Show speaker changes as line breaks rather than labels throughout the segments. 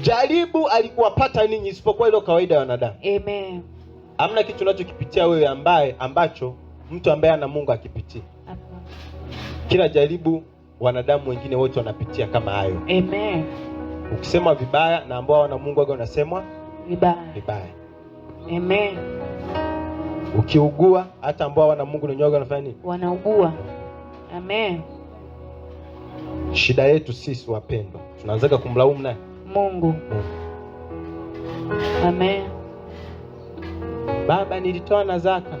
jaribu alikuwapata ninyi isipokuwa ile kawaida ya wanadamu. Amen. Hamna kitu unachokipitia wewe ambaye ambacho mtu ambaye ana Mungu akipitia. Kila jaribu wanadamu wengine wote wanapitia kama hayo. Amen. Ukisema vibaya na ambao wana Mungu wao unasemwa vibaya. Vibaya. Amen. Ukiugua hata ambao wana Mungu wenyewe wao wanafanya nini?
Wanaugua. Amen.
Shida yetu sisi wapendwa, tunaanzaga kumlaumu naye
Mungu. Amen.
Baba, nilitoa na zaka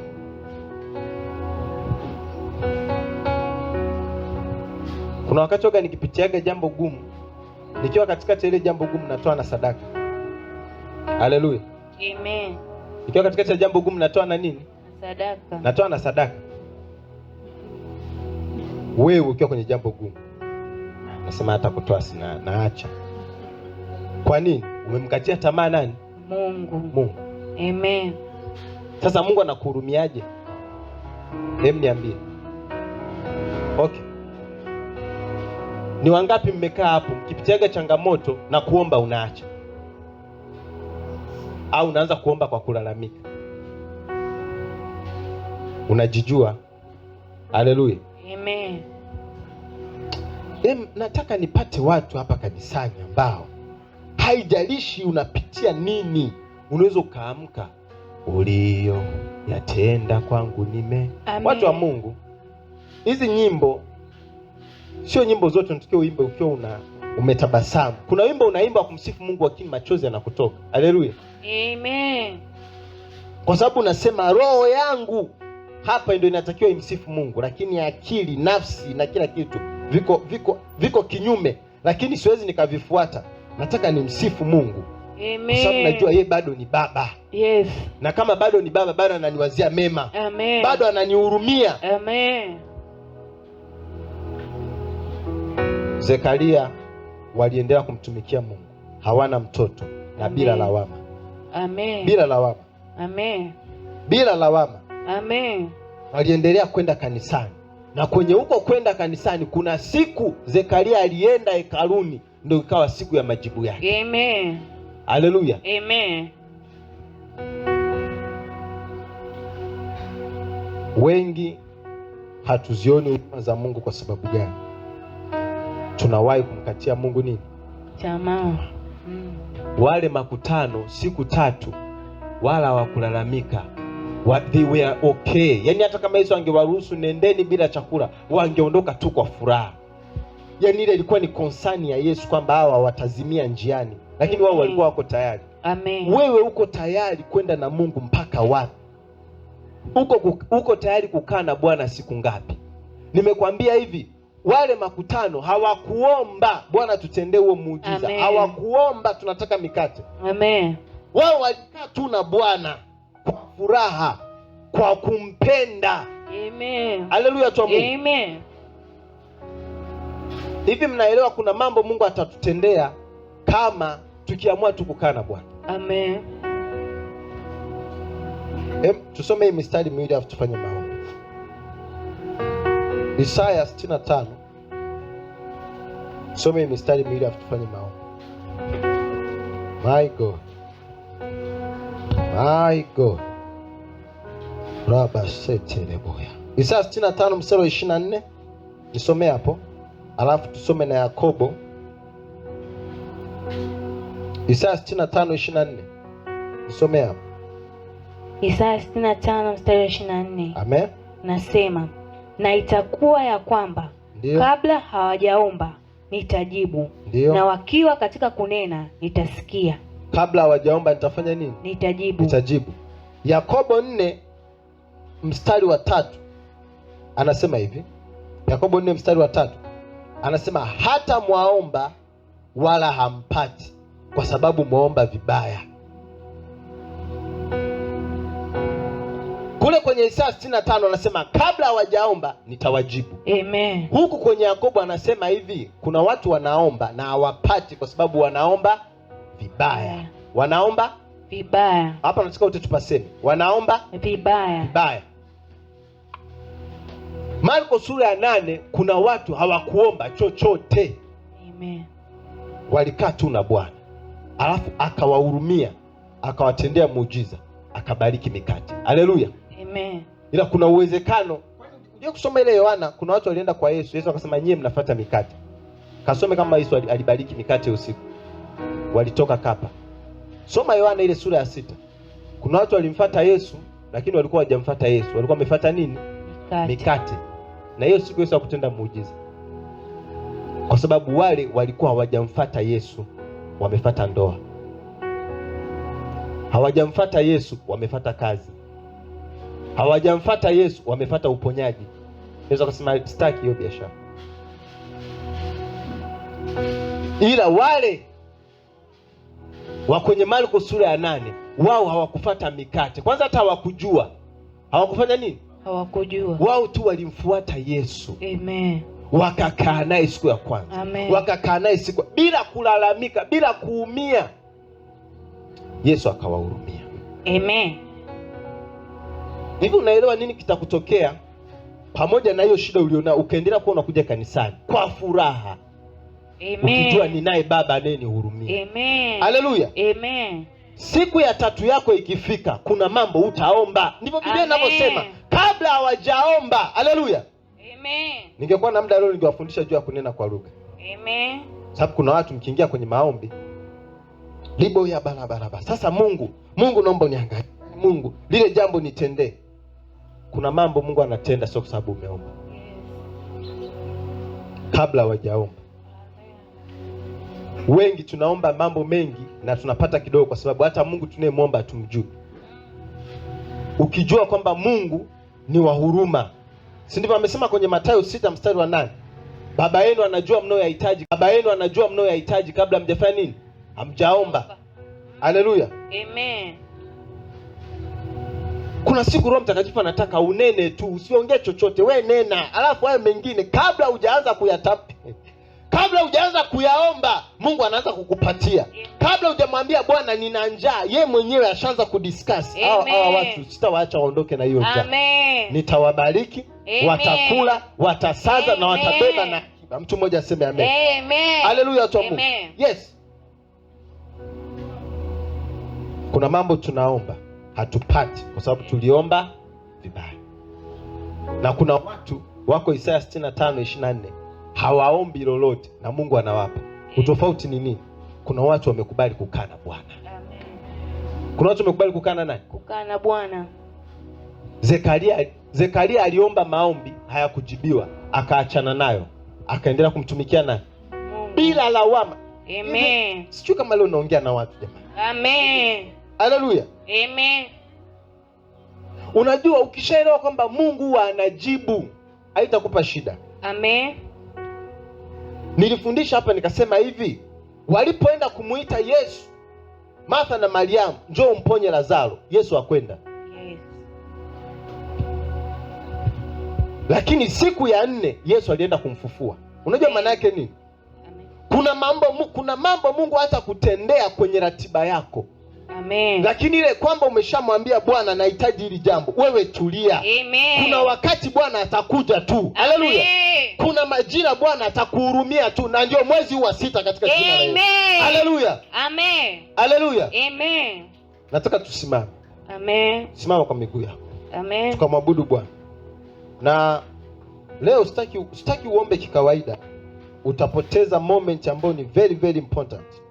kuna wakati waga nikipitiaga jambo gumu, nikiwa katikati ile jambo gumu natoa na sadaka. Haleluya, amen. Nikiwa katikati ya jambo gumu natoa na nini? Sadaka. Natoa na sadaka. Wewe ukiwa kwenye jambo gumu, nasema hata kutoa sina, naacha kwa nini? Umemkatia tamaa nani? Mungu. Mungu. Amen. Sasa Mungu anakuhurumiaje? Hem, niambie. Okay. Ni wangapi mmekaa hapo mkipitiaga changamoto na kuomba unaacha, au unaanza kuomba kwa kulalamika? Unajijua. Haleluya. Amen. Em, nataka nipate watu hapa kanisani ambao haijalishi unapitia nini, unaweza ukaamka ulio yatenda kwangu nime. Amen. Watu wa Mungu, hizi nyimbo sio nyimbo zote unatakiwa uimbe ukiwa una umetabasamu. Kuna wimbo unaimba wa kumsifu Mungu lakini machozi yanakutoka. Haleluya,
amen.
Kwa sababu unasema roho yangu hapa ndio inatakiwa imsifu Mungu, lakini akili, nafsi na kila kitu viko viko viko kinyume, lakini siwezi nikavifuata nataka nimsifu Mungu kwa sababu najua yeye bado ni baba yes. na kama bado ni baba bado ananiwazia mema Amen. bado ananihurumia Zekaria waliendelea kumtumikia Mungu, hawana mtoto na Amen. bila lawama Amen. bila lawama Amen. bila lawama Amen. waliendelea kwenda kanisani, na kwenye huko kwenda kanisani, kuna siku Zekaria alienda hekaluni ndio ikawa siku ya majibu
yake. Amen. Haleluya. Amen.
Wengi hatuzioni huruma za Mungu kwa sababu gani? Tunawahi kumkatia Mungu nini? Tamaa. Mm. Wale makutano siku tatu wala hawakulalamika. They were okay. Yaani hata kama Yesu angewaruhusu nendeni bila chakula, wangeondoka tu kwa furaha yani ile ilikuwa ni konsani ya Yesu kwamba hawa watazimia njiani, lakini wao walikuwa wako tayari. Amen. Wewe uko tayari kwenda na Mungu mpaka wapi? Uko, uko tayari kukaa na Bwana siku ngapi? Nimekwambia hivi wale makutano hawakuomba Bwana tutendee huo muujiza, hawakuomba tunataka mikate. Amen. Wao walikaa tu na Bwana kwa furaha, kwa kumpenda. Amen. Haleluya, tuamu.
Amen.
Hivi mnaelewa kuna mambo Mungu atatutendea kama tukiamua tukukaa na Bwana. Amen. Em, tusome hii mistari miwili afu tufanye maombi. Isaya 65. Tusome hii mistari miwili afu tufanye maombi. My God. My God. Raba sete leboya. Isaya 65 mstari wa 24. Nisomee hapo alafu tusome na Yakobo, Isaya 65:24. Nisome hapo
Isaya 65 mstari wa 24. Amen. Nasema, na itakuwa ya kwamba Ndiyo. kabla hawajaomba nitajibu Ndiyo. na wakiwa katika kunena nitasikia.
Kabla hawajaomba nitafanya nini?
Nitajibu,
nitajibu. Yakobo 4 mstari wa tatu anasema hivi, Yakobo 4 mstari wa tatu anasema hata mwaomba wala hampati, kwa sababu mwaomba vibaya. Kule kwenye Isaya 65 anasema kabla hawajaomba nitawajibu. Amen. Huku kwenye Yakobo anasema hivi, kuna watu wanaomba na hawapati kwa sababu wanaomba vibaya. Wanaomba
vibaya.
Hapa nataka utetupaseme. Wanaomba
vibaya.
Vibaya. Marko sura ya nane, kuna watu hawakuomba chochote, amen. Walikaa tu na Bwana, alafu akawahurumia, akawatendea muujiza, akabariki mikate. Haleluya, amen. Ila kuna uwezekano ndio kusoma ile Yohana, kuna watu walienda kwa Yesu, Yesu akasema nyie mnafuata mikate. Kasome kama Yesu alibariki mikate usiku, walitoka kapa. Soma Yohana ile sura ya sita. Kuna watu walimfuata Yesu, lakini walikuwa hawajamfuata Yesu, walikuwa wamefuata nini? Mikate. Mikate na hiyo siku Yesu hakutenda muujiza, kwa sababu wale walikuwa hawajamfata Yesu, wamefata ndoa. Hawajamfata Yesu, wamefata kazi. Hawajamfata Yesu, wamefata uponyaji. Yesu akasema sitaki hiyo biashara. Ila wale wa kwenye Marko sura ya nane, wao hawakufata mikate kwanza, hata hawakujua hawakufanya nini
hawakujua.
Wao tu walimfuata Yesu.
Amen.
Wakakaa naye siku ya kwanza, wakakaa naye siku bila kulalamika, bila kuumia. Yesu akawahurumia. Amen. Hivi unaelewa nini kitakutokea pamoja na hiyo shida ulionao, ukaendelea kuwa unakuja kanisani kwa furaha, ukijua ninaye Baba anayenihurumia.
Amen. Amen
siku ya tatu yako ikifika, kuna mambo utaomba. Ndivyo Biblia inavyosema, kabla hawajaomba. Haleluya, amen. Ningekuwa na muda leo ningewafundisha juu ya kunena kwa lugha, amen, sababu kuna watu mkiingia kwenye maombi libo ya barabaraba. Sasa Mungu, Mungu naomba uniangalie, Mungu lile jambo nitendee. Kuna mambo Mungu anatenda, sio kwa sababu umeomba, kabla hawajaomba Wengi tunaomba mambo mengi na tunapata kidogo, kwa sababu hata Mungu tunayemwomba hatumjui. Ukijua kwamba Mungu ni wa huruma, si ndivyo? Amesema kwenye Mathayo sita mstari wa nane baba yenu anajua mnayoyahitaji, baba yenu anajua mnayoyahitaji kabla mjafanya nini, hamjaomba. Haleluya, amen. Kuna siku Roho Mtakatifu anataka unene tu, usiongee chochote, we nena, alafu hayo mengine kabla hujaanza kuyatamka Kabla hujaanza kuyaomba, Mungu anaanza kukupatia. Kabla hujamwambia Bwana nina njaa, ye mwenyewe ashaanza kudiskas hawa watu sitawaacha waondoke na hiyo njaa, nitawabariki, watakula, watasaza na watabeba na kiba Mtu mmoja aseme
amen. watu wa Mungu.
Yes, kuna mambo tunaomba hatupati kwa sababu tuliomba vibaya, na kuna watu wako Isaya 65:24 hawaombi lolote na Mungu anawapa. Utofauti ni nini? Kuna watu wamekubali kukaa na Bwana. Kuna watu wamekubali kukaa na nani?
Kukaa na Bwana.
Zekaria, Zekaria aliomba maombi hayakujibiwa, akaachana nayo, akaendelea kumtumikia na bila lawama.
Amen.
Sijui kama leo naongea na watu
jamani. Amen. Haleluya. Amen.
Unajua ukishaelewa kwamba Mungu anajibu haitakupa shida. Amen. Nilifundisha hapa nikasema hivi, walipoenda kumuita Yesu, Martha na Mariamu, njoo mponye Lazaro, Yesu akwenda Lakini siku ya nne Yesu alienda kumfufua. Unajua maana yake nini? Kuna mambo, kuna mambo Mungu hata kutendea kwenye ratiba yako Amen. Lakini ile kwamba umeshamwambia Bwana nahitaji hili jambo, wewe tulia.
Amen.
Kuna wakati Bwana atakuja tu. Haleluya. Kuna majira Bwana atakuhurumia tu, na ndio mwezi huu wa sita katika jina la Yesu. Haleluya. Amen. Haleluya. Amen. Nataka tusimame. Amen. Simama kwa miguu yako. Amen. Tukamwabudu Bwana. Na leo sitaki sitaki uombe kikawaida. Utapoteza moment ambayo ni very very important.